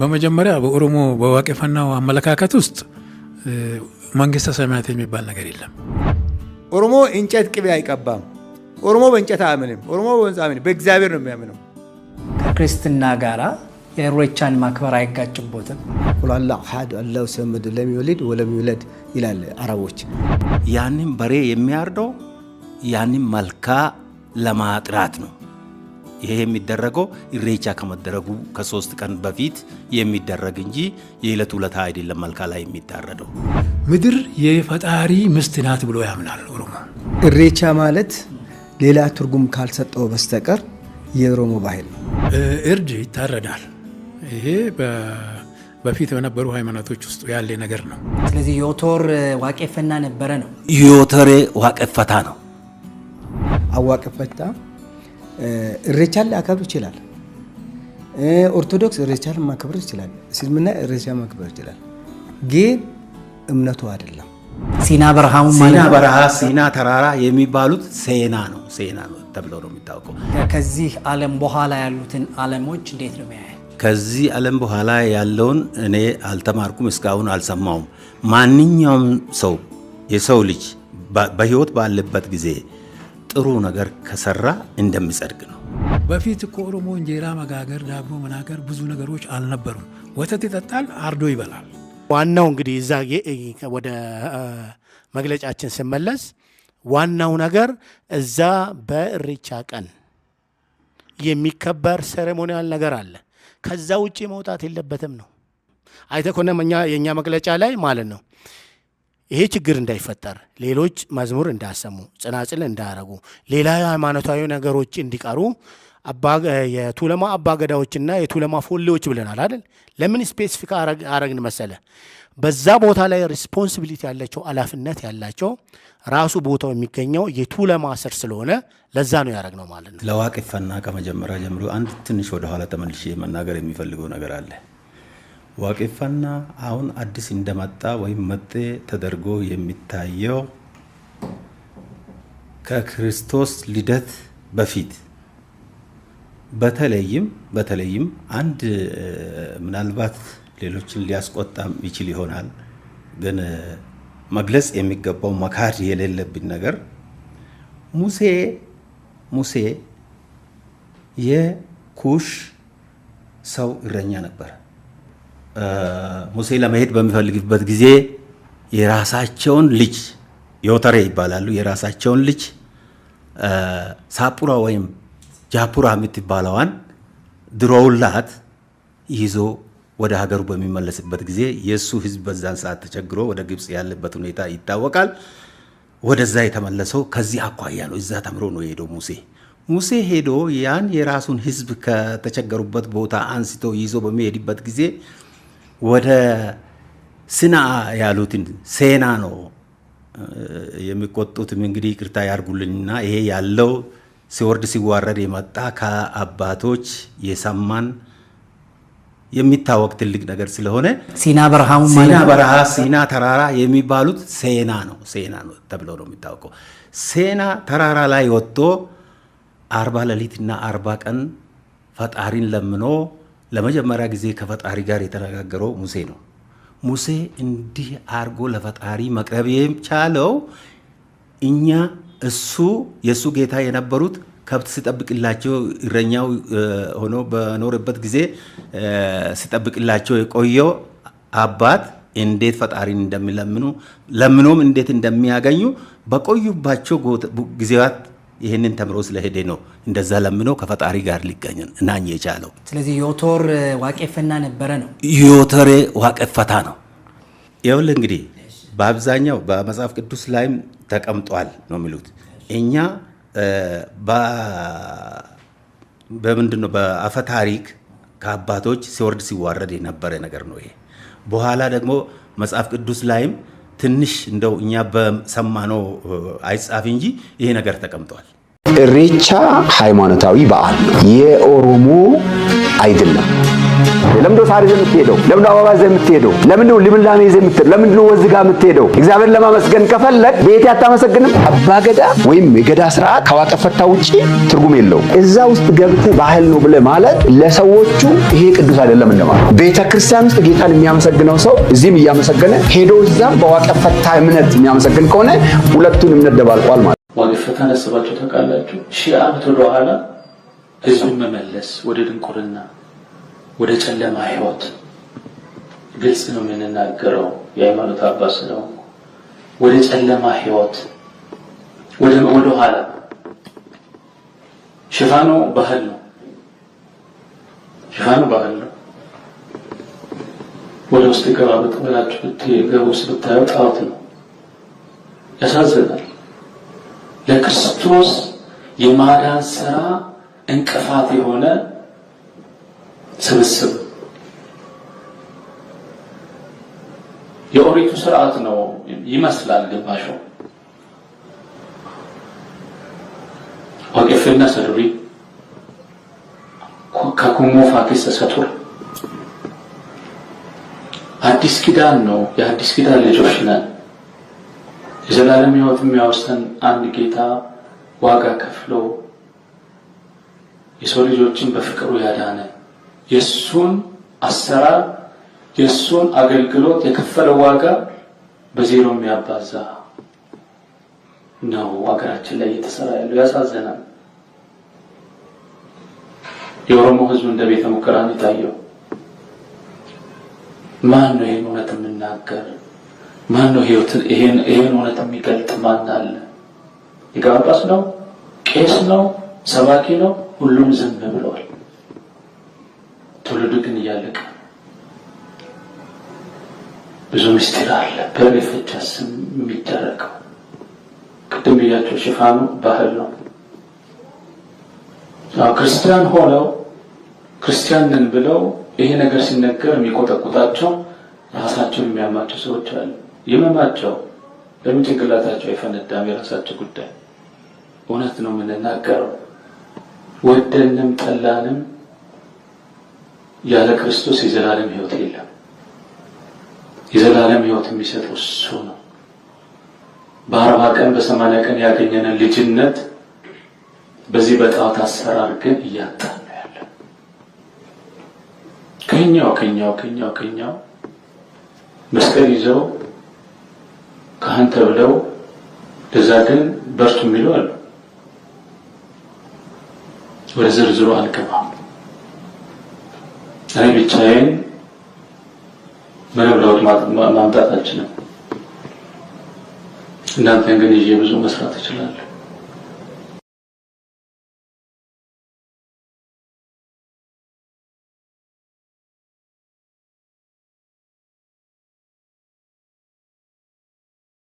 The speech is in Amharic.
በመጀመሪያ በኦሮሞ በዋቄፈናው አመለካከት ውስጥ መንግስተ ሰማያት የሚባል ነገር የለም። ኦሮሞ እንጨት ቅቤ አይቀባም። ኦሮሞ በእንጨት አያምንም። ኦሮሞ በወንዝ አያምንም። በእግዚአብሔር ነው የሚያምነው። ከክርስትና ጋራ የሮቻን ማክበር አይጋጭቦትም። ቁላላ ሀድ አላሁ ሰምድ ለም ይወልድ ወለም ይውለድ ይላል አረቦች። ያንም በሬ የሚያርደው ያንም መልካ ለማጥራት ነው። ይሄ የሚደረገው ኢሬቻ ከመደረጉ ከሶስት ቀን በፊት የሚደረግ እንጂ የዕለት ውለታ አይደለም። መልካ ላይ የሚታረደው ምድር የፈጣሪ ምስት ናት ብሎ ያምናል ኦሮሞ። ኢሬቻ ማለት ሌላ ትርጉም ካልሰጠው በስተቀር የኦሮሞ ባህል ነው። እርድ ይታረዳል። ይሄ በፊት በነበሩ ሃይማኖቶች ውስጥ ያለ ነገር ነው። ስለዚህ ዮቶር ዋቄፈና ነበረ ነው። ዮቶሬ ዋቄፈታ ነው። አዋቄፈታ እሬቻን ሊያከብር ይችላል። ኦርቶዶክስ እሬቻን ማክበር ይችላል። እስልምና እሬቻ ማክበር ይችላል። ግን እምነቱ አይደለም። ሲና በረሃው ሲና በረሃ ሲና ተራራ የሚባሉት ሴና ነው ሴና ነው ተብሎ ነው የሚታወቀው። ከዚህ ዓለም በኋላ ያሉትን ዓለሞች እንዴት ነው የሚያየ? ከዚህ ዓለም በኋላ ያለውን እኔ አልተማርኩም፣ እስካሁን አልሰማውም። ማንኛውም ሰው የሰው ልጅ በህይወት ባለበት ጊዜ ጥሩ ነገር ከሰራ እንደሚጸድቅ ነው። በፊት እኮ ኦሮሞ እንጀራ መጋገር፣ ዳቦ መናገር ብዙ ነገሮች አልነበሩም። ወተት ይጠጣል፣ አርዶ ይበላል። ዋናው እንግዲህ እዛ ወደ መግለጫችን ስመለስ ዋናው ነገር እዛ በእሬቻ ቀን የሚከበር ሴሬሞኒያል ነገር አለ። ከዛ ውጭ መውጣት የለበትም ነው አይተኮነም። እኛ የእኛ መግለጫ ላይ ማለት ነው ይሄ ችግር እንዳይፈጠር ሌሎች መዝሙር እንዳሰሙ ጽናጽል እንዳያረጉ ሌላ ሃይማኖታዊ ነገሮች እንዲቀሩ የቱለማ አባገዳዎችና የቱለማ ፎሌዎች ብለናል አይደል? ለምን ስፔሲፊክ አረግን መሰለ? በዛ ቦታ ላይ ሪስፖንሲቢሊቲ ያላቸው ኃላፊነት ያላቸው ራሱ ቦታው የሚገኘው የቱለማ ስር ስለሆነ ለዛ ነው ያደረግነው ማለት ነው። ለዋቅፈና ከመጀመሪያ ጀምሮ አንድ ትንሽ ወደኋላ ተመልሼ መናገር የሚፈልገው ነገር አለ። ዋቄፋና አሁን አዲስ እንደመጣ ወይም መጤ ተደርጎ የሚታየው ከክርስቶስ ልደት በፊት በተለይም በተለይም አንድ ምናልባት ሌሎችን ሊያስቆጣም ይችል ይሆናል ግን መግለጽ የሚገባው መካድ የሌለብን ነገር ሙሴ ሙሴ የኩሽ ሰው እረኛ ነበር። ሙሴ ለመሄድ በሚፈልግበት ጊዜ የራሳቸውን ልጅ ዮተሬ ይባላሉ። የራሳቸውን ልጅ ሳፑራ ወይም ጃፑራ የምትባለዋን ድሮውላት ይዞ ወደ ሀገሩ በሚመለስበት ጊዜ የእሱ ህዝብ በዛን ሰዓት ተቸግሮ ወደ ግብፅ ያለበት ሁኔታ ይታወቃል። ወደዛ የተመለሰው ከዚህ አኳያ ነው። እዛ ተምሮ ነው የሄደው ሙሴ። ሙሴ ሄዶ ያን የራሱን ህዝብ ከተቸገሩበት ቦታ አንስቶ ይዞ በሚሄድበት ጊዜ ወደ ስና ያሉትን ሴና ነው የሚቆጡትም። እንግዲህ ይቅርታ ያርጉልኝና ይሄ ያለው ሲወርድ ሲዋረድ የመጣ ከአባቶች የሰማን የሚታወቅ ትልቅ ነገር ስለሆነ ሲና በረሃው ሲና በረሃ ሲና ተራራ የሚባሉት ሴና ነው ሴና ነው ተብሎ ነው የሚታወቀው። ሴና ተራራ ላይ ወጥቶ አርባ ሌሊትና አርባ ቀን ፈጣሪን ለምኖ ለመጀመሪያ ጊዜ ከፈጣሪ ጋር የተነጋገረው ሙሴ ነው። ሙሴ እንዲህ አርጎ ለፈጣሪ መቅረብ የቻለው እኛ እሱ የእሱ ጌታ የነበሩት ከብት ሲጠብቅላቸው እረኛው ሆኖ በኖርበት ጊዜ ሲጠብቅላቸው የቆየው አባት እንዴት ፈጣሪን እንደሚለምኑ ለምኖም እንዴት እንደሚያገኙ በቆዩባቸው ጊዜያት ይህንን ተምሮ ስለሄደ ነው እንደዛ ለምኖ ከፈጣሪ ጋር ሊገኝ እናኝ የቻለው። ስለዚህ ዮቶር ዋቄፈና ነበረ ነው ዮቶሬ ዋቄፈታ ነው። ይኸውልህ እንግዲህ በአብዛኛው በመጽሐፍ ቅዱስ ላይም ተቀምጧል ነው የሚሉት። እኛ በምንድን ነው በአፈ ታሪክ ከአባቶች ሲወርድ ሲዋረድ የነበረ ነገር ነው ይሄ። በኋላ ደግሞ መጽሐፍ ቅዱስ ላይም ትንሽ እንደው እኛ በሰማነው አይጻፍ እንጂ ይሄ ነገር ተቀምጧል። እሬቻ ሃይማኖታዊ በዓል የኦሮሞ አይደለም። ለምንድን ነው ሳር ይዘህ የምትሄደው? ለምንድን ነው አበባ ይዘህ የምትሄደው? ለምንድን ነው ልምላሜ ይዘህ የምትሄደው? ለምንድን ነው ወዝ ጋር የምትሄደው? እግዚአብሔር ለማመስገን ከፈለግ ቤቴ አታመሰግንም። ገዳ ወይም የገዳ ስርዓት ከዋጠ ፈታ ውጪ ትርጉም የለው። እዛ ውስጥ ገብተ ባህል ነው ብለህ ማለት ለሰዎቹ ይሄ ቅዱስ አይደለም እንደማለት። ቤተ ክርስቲያን ውስጥ ጌታን የሚያመሰግነው ሰው እዚህም እያመሰገነ ሄዶ እዛም በዋጠ ፈታ እምነት የሚያመሰግን ከሆነ ሁለቱን እምነት ደባልቋል ማለት። ዋጠ ፈታ ነስባችሁ ታውቃላችሁ። ሺህ ዓመት ወደኋላ ህዝብን መመለስ ወደ ድንቁርና ወደ ጨለማ ህይወት ግልጽ ነው የምንናገረው። የሃይማኖት አባት ስለሆንኩ ወደ ጨለማ ህይወት ወደ ኋላ ሽፋኑ ባህል ነው። ሽፋኑ ባህል ነው። ወደ ውስጥ ገባ ብላችሁ ብትገቡ ውስጥ ጣዖት ነው። ያሳዝናል። ለክርስቶስ የማዳን ስራ እንቅፋት የሆነ ስብስብ የኦሪቱ ስርዓት ነው ይመስላል ግባሾ ወቅፍና ሰዱሪ ከኩሞ ፋኪስ ሰቱር አዲስ ኪዳን ነው። የአዲስ ኪዳን ልጆች ነን። የዘላለም ህይወት የሚያወሰን አንድ ጌታ ዋጋ ከፍሎ የሰው ልጆችን በፍቅሩ ያዳነ የሱን አሰራር የሱን አገልግሎት የከፈለ ዋጋ በዜሮ የሚያባዛ ነው ሀገራችን ላይ እየተሰራ ያለው። ያሳዘናል። የኦሮሞ ሕዝብ እንደ ቤተ ሙከራ የታየው። ማን ነው ይህን እውነት የምናገር? ማን ነው ይህን እውነት የሚገልጥ? ማን አለ? ሊቀ ነው? ቄስ ነው? ሰባኪ ነው? ሁሉም ዝም ብለዋል። ትውልዱ ግን እያለቀ ብዙ ምስጢር አለ በእኔ ስም የሚደረገው። ቅድም ብያቸው ሽፋኑ ባህል ነው። ክርስቲያን ሆነው ክርስቲያን ነን ብለው ይሄ ነገር ሲነገር የሚቆጠቁጣቸው ራሳቸውን የሚያማቸው ሰዎች አሉ። የመማቸው ለምን ጭንቅላታቸው አይፈነዳም? የራሳቸው ጉዳይ። እውነት ነው የምንናገረው ወደንም ጠላንም ያለ ክርስቶስ የዘላለም ህይወት የለም። የዘላለም ህይወት የሚሰጠው እሱ ነው። በአርባ ቀን በሰማንያ ቀን ያገኘንን ልጅነት በዚህ በጣዖት አሰራር ግን እያጣ ነው ያለ ከኛው ከኛው ከኛው ከኛው መስቀል ይዘው ካህን ተብለው ለዛ ግን በርቱ የሚሉ አሉ። ወደ ዝርዝሩ አልገባም። እኔ ብቻዬን ምንም ለውጥ ማምጣት አልችልም። እናንተን ግን ይዤ ብዙ መስራት እችላለሁ።